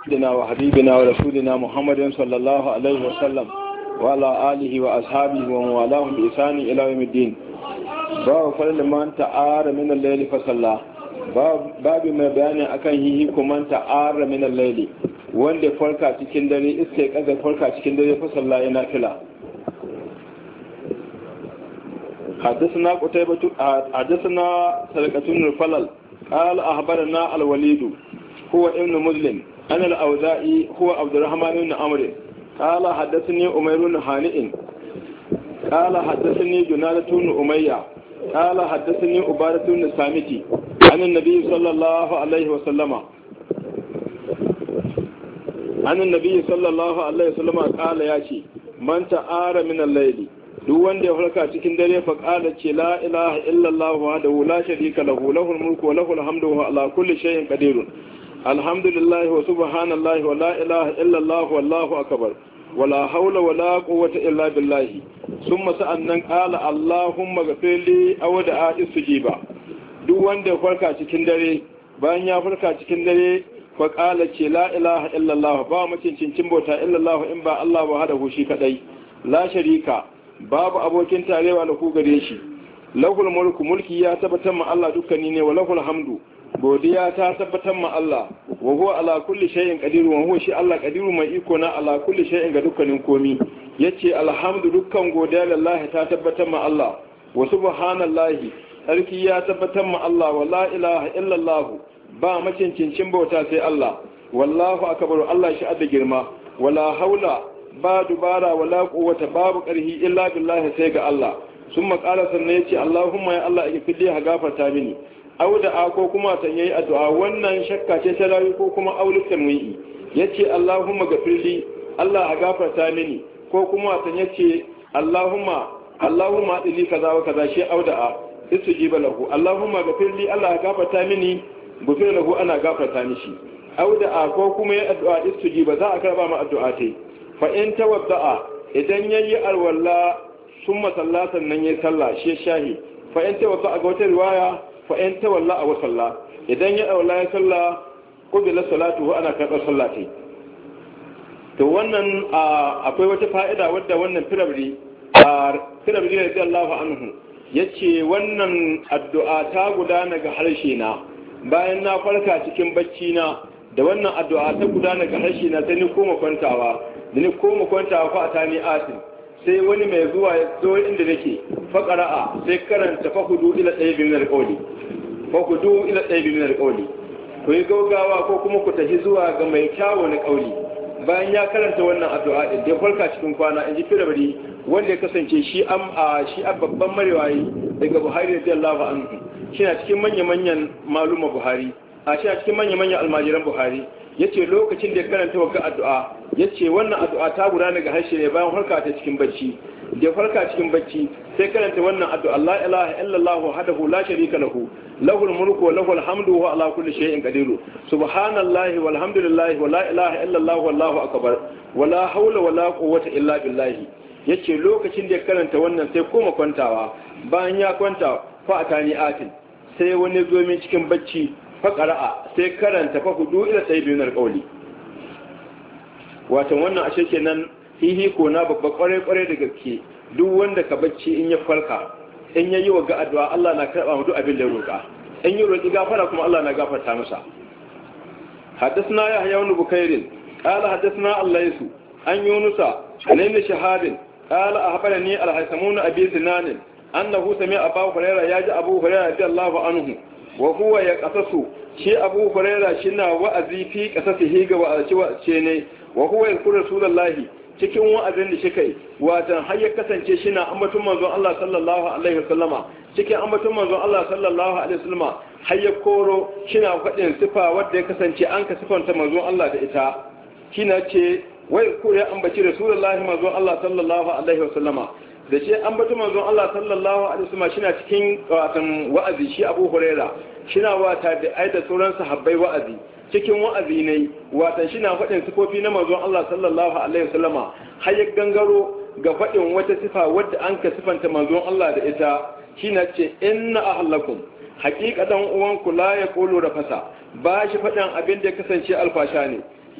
سيدنا وحبيبنا ورسولنا محمد صلى الله عليه وسلم وعلى آله وأصحابه وموالاهم بإحسان إلى يوم الدين باب فضل من تعار من الليل فصلى باب ما بيان akan hihiku man ta'ara min al-layli wanda farka cikin dare iske kaga farka cikin dare fa sallah yana fila حدثنا قتيبة حدثنا سرقة الفلل قال أخبرنا الوليد هو ابن مسلم أنا الأوزائي هو عبد الرحمن بن عمرو قال حدثني أمير بن هانئ قال حدثني جنادة بن أمية قال حدثني عبادة بن سامتي عن النبي صلى الله عليه وسلم عن النبي صلى الله عليه وسلم قال ياشي من تعار من الليل duk wanda ya farka cikin dare fa qala ce la ilaha illallah wa la sharika lahu lahul mulku wa lahul hamdu wa ala kulli shay'in qadirun alhamdulillah wa subhanallah wa la ilaha illallah wallahu akbar wala haula wala quwwata illa billah summa sa'annan qala allahumma ghfirli aw da'a istijiba duk wanda farka cikin dare bayan ya farka cikin dare fa qala ce la ilaha illallah ba mutuncin bauta illallah in ba Allah ba hada shi kadai la sharika babu abokin tarewa da ku gare shi lahul mulku mulki ya tabbatar ma Allah dukkani ne wa lahul hamdu godiya ta tabbatar ma Allah wa huwa ala kulli shay'in qadir wa huwa shi Allah qadiru mai iko na ala kulli shay'in ga dukkanin komi yace alhamdu dukkan godiya lillahi ta tabbatar ma Allah wa subhanallahi sarki ya tabbatar ma Allah wa la ilaha ba macincincin bauta sai Allah wallahu akbar Allah shi adda girma wala haula ba dubara wala quwwata babu karhi illa billahi sai ga Allah summa qala sannan yace Allahumma ya Allah ikfili ha gafarta mini auda'a ko kuma san yayi addu'a wannan shakka ce ta rayu ko kuma aulu tamwi'i yace Allahumma gafirli Allah a gafarta mini ko kuma san yace Allahumma Allahumma dili kaza wa kaza shi auda'a istujiba lahu Allahumma gafirli Allah a gafarta mini gufir lahu ana gafarta mishi auda'a ko kuma yayi addu'a istujiba za a karba ma addu'a tai fa in tawadda'a idan yayi alwala summa sallatan nan yayi sallah shi shahi fa in tawadda'a ga wata riwaya fa in tawalla aw salla idan ya aula ya salla qubila salatuhu ana karɓar sallati to wannan akwai wata fa'ida wadda wannan firabri firabri radiyallahu anhu yace wannan addu'a ta gudana ga harshe na bayan na farka cikin bacci na da wannan addu'a ta gudana ga harshe na sai ni koma kwantawa da ni koma kwantawa fa ta ni asin sai wani mai zuwa ya zo inda nake faqara'a sai karanta fa hudu ila sayyidina alqawli ko fagudu ila ɗaibi min alƙauli ku yi gaugawa ko kuma ku tafi zuwa ga mai kyawo na ƙauli bayan ya karanta wannan addu'a din da farka cikin kwana in ji firabari wanda ya kasance shi am a shi a babban marewayi daga Buhari allahu anhu shi na cikin manya-manyan maluma Buhari a shi a cikin manya-manyan almajiran Buhari yace lokacin da ya karanta wa addu'a yace wannan addu'a ta gudana ga harshe ne bayan harka ta cikin bacci ya farka cikin bacci sai karanta wannan addu'a la ilaha illallah hadahu la sharika lahu lahul mulku wa lahul hamdu wa ala kulli shay'in qadir subhanallahi walhamdulillahi wa la ilaha illallah wallahu akbar wa la hawla wa la quwwata illa billah yace lokacin da ya karanta wannan sai koma kwantawa bayan ya kwanta fa atani atin sai wani zo min cikin bacci fa qara'a sai karanta fa hudu ila sayyidina alqawli wato wannan ashe kenan hihi ko na babba kwarai-kwarai da gaske duk wanda ka bacci in ya farka in ya yi wa ga'adwa Allah na karba mu duk abin da ya roƙa in yi roƙi gafara kuma Allah na gafarta masa haddasna ya hayawa nubu kairin ƙala haddasna Allah yasu an yunusa nusa shahadin ƙala a haɓar ni alhaisamu na abin zinanin an na husa abu hurera ya ji abu hurera bi Allah anhu wa huwa ya ƙasasu shi abu hurera shi na wa'azi fi ƙasasu hega wa'azi wa'ace ne wa huwa ya kura cikin wa'azin da shi kai watan har ya kasance shi na ambatun manzon Allah sallallahu alaihi wasallama cikin ambatun manzon Allah sallallahu alaihi wasallama har ya koro shi na faɗin sifa wadda ya kasance an ka sifanta manzon Allah da ita shi na ce wai ko ya ambaci rasulullahi manzon Allah sallallahu alaihi wasallama da shi ambatun manzon Allah sallallahu alaihi wasallama shi na cikin watan wa'azi shi Abu Huraira shi na wata da aida sauran sahabbai wa'azi cikin wa'azi ne watan shi na faɗin sifofi na manzon Allah sallallahu alaihi wasallama gangaro ga faɗin wata sifa wadda an ka sifanta manzon Allah da ita shi na ce inna ahlakum haƙiƙa dan uwanku la yaqulu rafasa ba shi faɗin abin da ya kasance alfasha ne